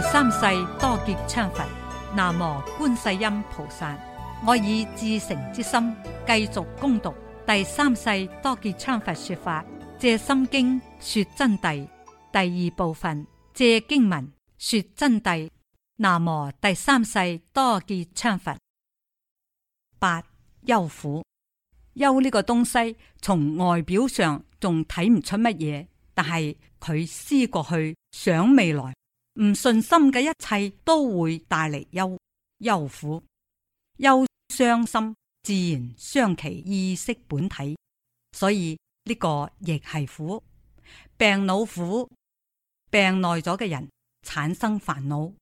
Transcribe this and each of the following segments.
第三世多杰羌佛，南無觀世音菩薩。我以至誠之心繼續恭讀第三世多杰羌佛說法，借心經說真諦第二部分，借經文說真諦。南無第三世多杰羌佛。八憂苦憂呢個東西，從外表上仲睇唔出乜嘢，但係佢思過去，想未來。唔順心嘅一切都會帶嚟憂憂苦、憂傷心，自然傷其意識本體，所以呢個亦係苦。病老苦，病耐咗嘅人產生煩惱，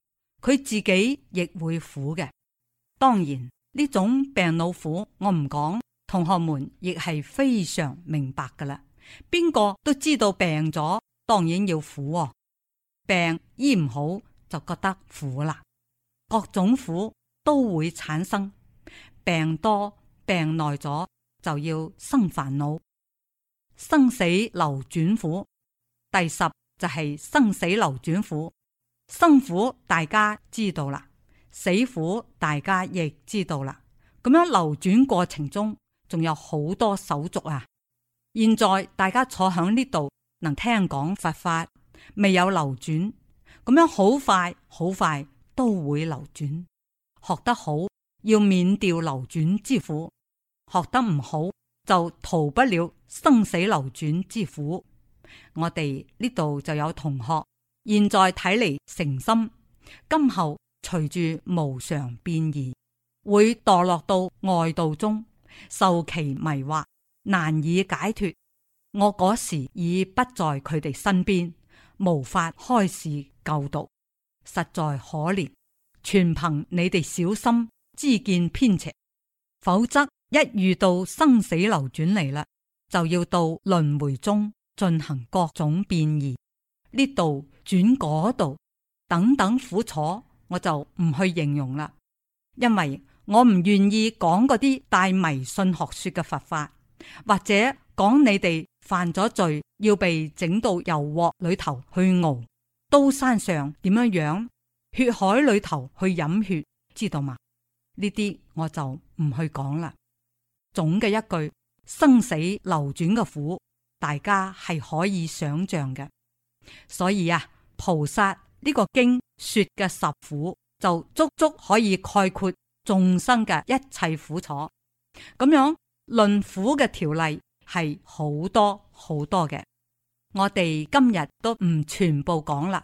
佢自己亦會苦嘅。當然呢種病老苦，我唔講，同學們亦係非常明白噶啦。邊個都知道病咗，當然要苦哦。病醫唔好就覺得苦啦，各種苦都會產生。病多病耐咗就要生煩惱，生死流轉苦。第十就係生死流轉苦，生苦大家知道啦，死苦大家亦知道啦。咁樣流轉過程中仲有好多手續啊。現在大家坐喺呢度能聽講佛法。未有流轉，咁樣好快好快都會流轉。學得好要免掉流轉之苦，學得唔好就逃不了生死流轉之苦。我哋呢度就有同學，現在睇嚟誠心，今後隨住無常變異，會墮落到外道中，受其迷惑，難以解脫。我嗰時已不在佢哋身邊。無法開示救度，實在可憐。全憑你哋小心知見偏斜，否則一遇到生死流轉嚟啦，就要到輪回中進行各種變異，呢度轉嗰度等等苦楚，我就唔去形容啦，因為我唔願意講嗰啲帶迷信學說嘅佛法，或者。講你哋犯咗罪，要被整到油鑊裏頭去熬，刀山上點樣樣，血海裏頭去飲血，知道嘛？呢啲我就唔去講啦。總嘅一句生死流轉嘅苦，大家係可以想象嘅。所以啊，菩薩呢個經說嘅十苦，就足足可以概括眾生嘅一切苦楚。咁樣論苦嘅條例。係好多好多嘅，我哋今日都唔全部講啦。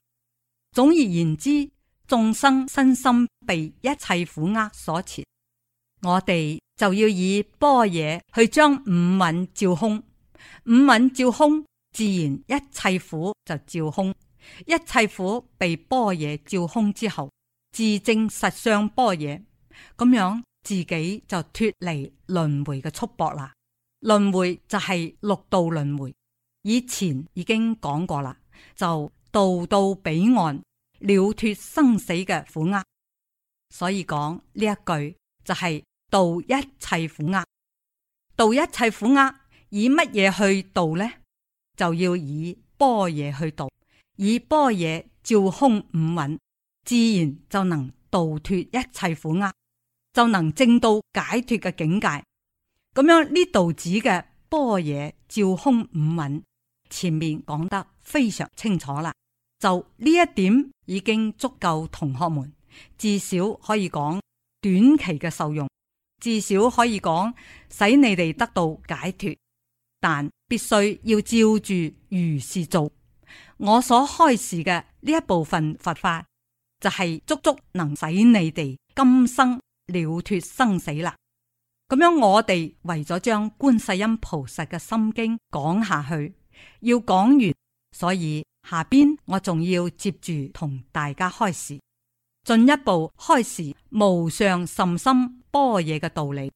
總而言之，眾生身心被一切苦厄所纏，我哋就要以般若去將五蘊照空，五蘊照空，自然一切苦就照空，一切苦被般若照空之後，自證實相般若，咁樣自己就脫離輪迴嘅束縛啦。輪迴就係六道輪迴，以前已經講過啦，就渡到彼岸了脱生死嘅苦厄，所以講呢一句就係渡一切苦厄。渡一切苦厄以乜嘢去渡呢？就要以般若去渡，以般若照空五蘊，自然就能渡脱一切苦厄，就能證到解脱嘅境界。咁樣，呢度指嘅般若照空五蘊，前面講得非常清楚啦。就呢一點已經足夠同學們至少可以講短期嘅受用，至少可以講使你哋得到解脱，但必須要照住如是做。我所開示嘅呢一部分佛法，就係足足能使你哋今生了脱生死啦。咁樣，我哋為咗將觀世音菩薩嘅心經講下去，要講完，所以下邊我仲要接住同大家開示，進一步開示無上甚深般若嘅道理。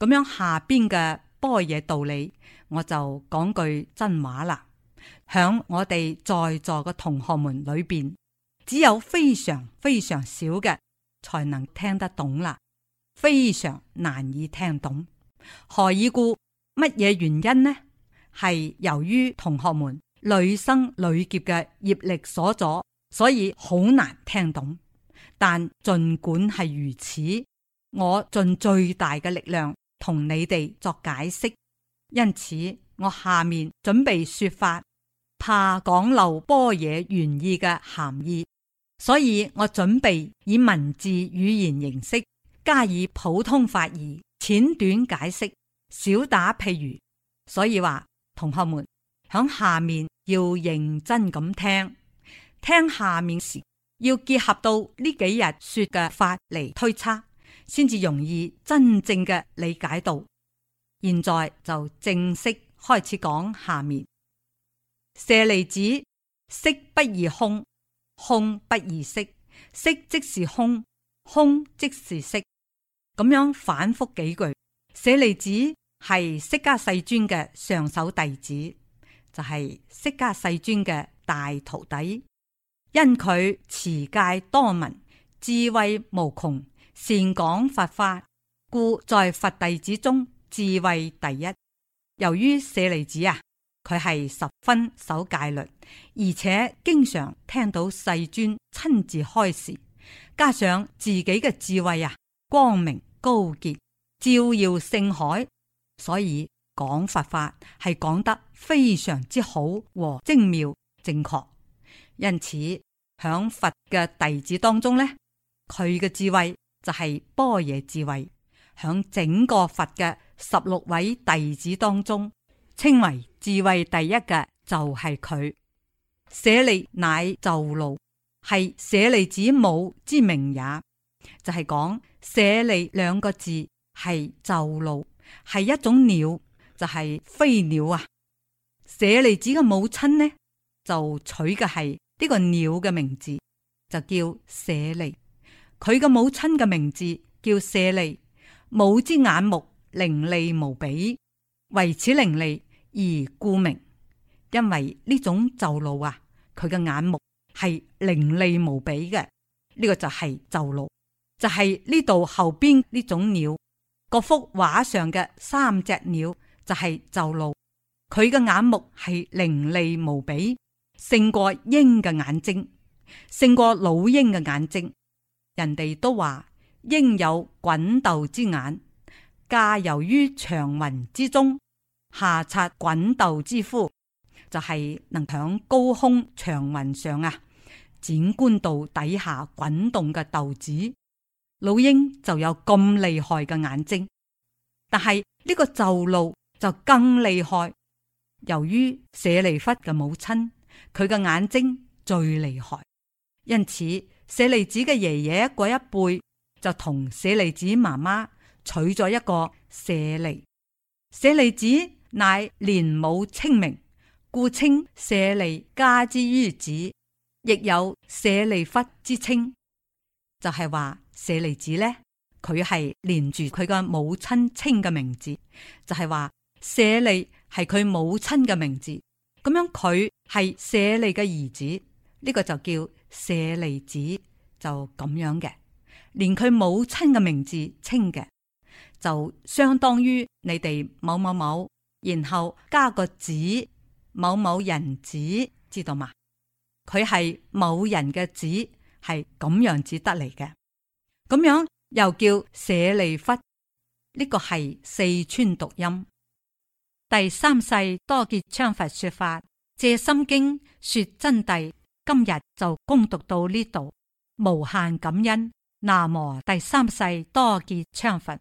咁樣下邊嘅般若道理，我就講句真話啦，響我哋在座嘅同學們裏邊，只有非常非常少嘅才能聽得懂啦。非常難以聽懂，何以故？乜嘢原因呢？係由於同學們女生女傑嘅業力所阻，所以好難聽懂。但儘管係如此，我盡最大嘅力量同你哋作解釋。因此，我下面準備說法，怕講漏波嘢原意嘅含義，所以我準備以文字語言形式。加以普通法義淺短解釋，少打譬如，所以話同學們響下面要認真咁聽，聽下面時要結合到呢幾日說嘅法嚟推測，先至容易真正嘅理解到。現在就正式開始講下面：舍利子，色不異空，空不異色，色即是空，空即是色。咁樣反覆幾句，舍利子係釋迦世尊嘅上首弟子，就係、是、釋迦世尊嘅大徒弟。因佢持戒多聞，智慧無窮，善講佛法，故在佛弟子中智慧第一。由於舍利子啊，佢係十分守戒律，而且經常聽到世尊親自開示，加上自己嘅智慧啊光明。高潔照耀聖海，所以講佛法係講得非常之好和精妙正確。因此響佛嘅弟子當中呢，佢嘅智慧就係般若智慧。響整個佛嘅十六位弟子當中，稱為智慧第一嘅就係佢。舍利乃鶖鷺，係舍利子母之名也。就係講舍利兩個字係鶖鷺，係一種鳥，就係、是、飛鳥啊。舍利子嘅母親呢就取嘅係呢個鳥嘅名字，就叫舍利。佢嘅母親嘅名字叫舍利。母之眼目伶俐無比，為此伶俐而故名。因為呢種鶖鷺啊，佢嘅眼目係伶俐無比嘅，呢、這個就係鶖鷺。就係呢度後邊呢種鳥，嗰幅畫上嘅三隻鳥就係鷲鷺。佢嘅眼目係伶俐無比，勝過鷹嘅眼睛，勝過老鷹嘅眼睛。人哋都話鷹有滾豆之眼，駕遊於長雲之中，下察滾豆之夫，就係、是、能響高空長雲上啊，展觀到底下滾動嘅豆子。老鷹就有咁厲害嘅眼睛，但係呢、這個鷲路就更厲害。由於舍利弗嘅母親，佢嘅眼睛最厲害，因此舍利子嘅爺爺嗰一,一輩就同舍利子媽媽娶咗一個舍利。舍利子乃年母清明，故稱舍利，加之於子，亦有舍利弗之稱，就係、是、話。舍利子咧，佢係連住佢個母親稱嘅名字，就係話舍利係佢母親嘅名字，咁樣佢係舍利嘅兒子，呢個就叫舍利子，就咁樣嘅，連佢母親嘅名字稱嘅，就相當於你哋某某某，然後加個子某某人子，知道嘛？佢係某人嘅子，係咁樣子得嚟嘅。咁樣又叫舍利弗，呢、這個係四川讀音。第三世多杰羌佛說法《藉心經》說真諦，今日就攻讀到呢度，無限感恩。南無第三世多杰羌佛。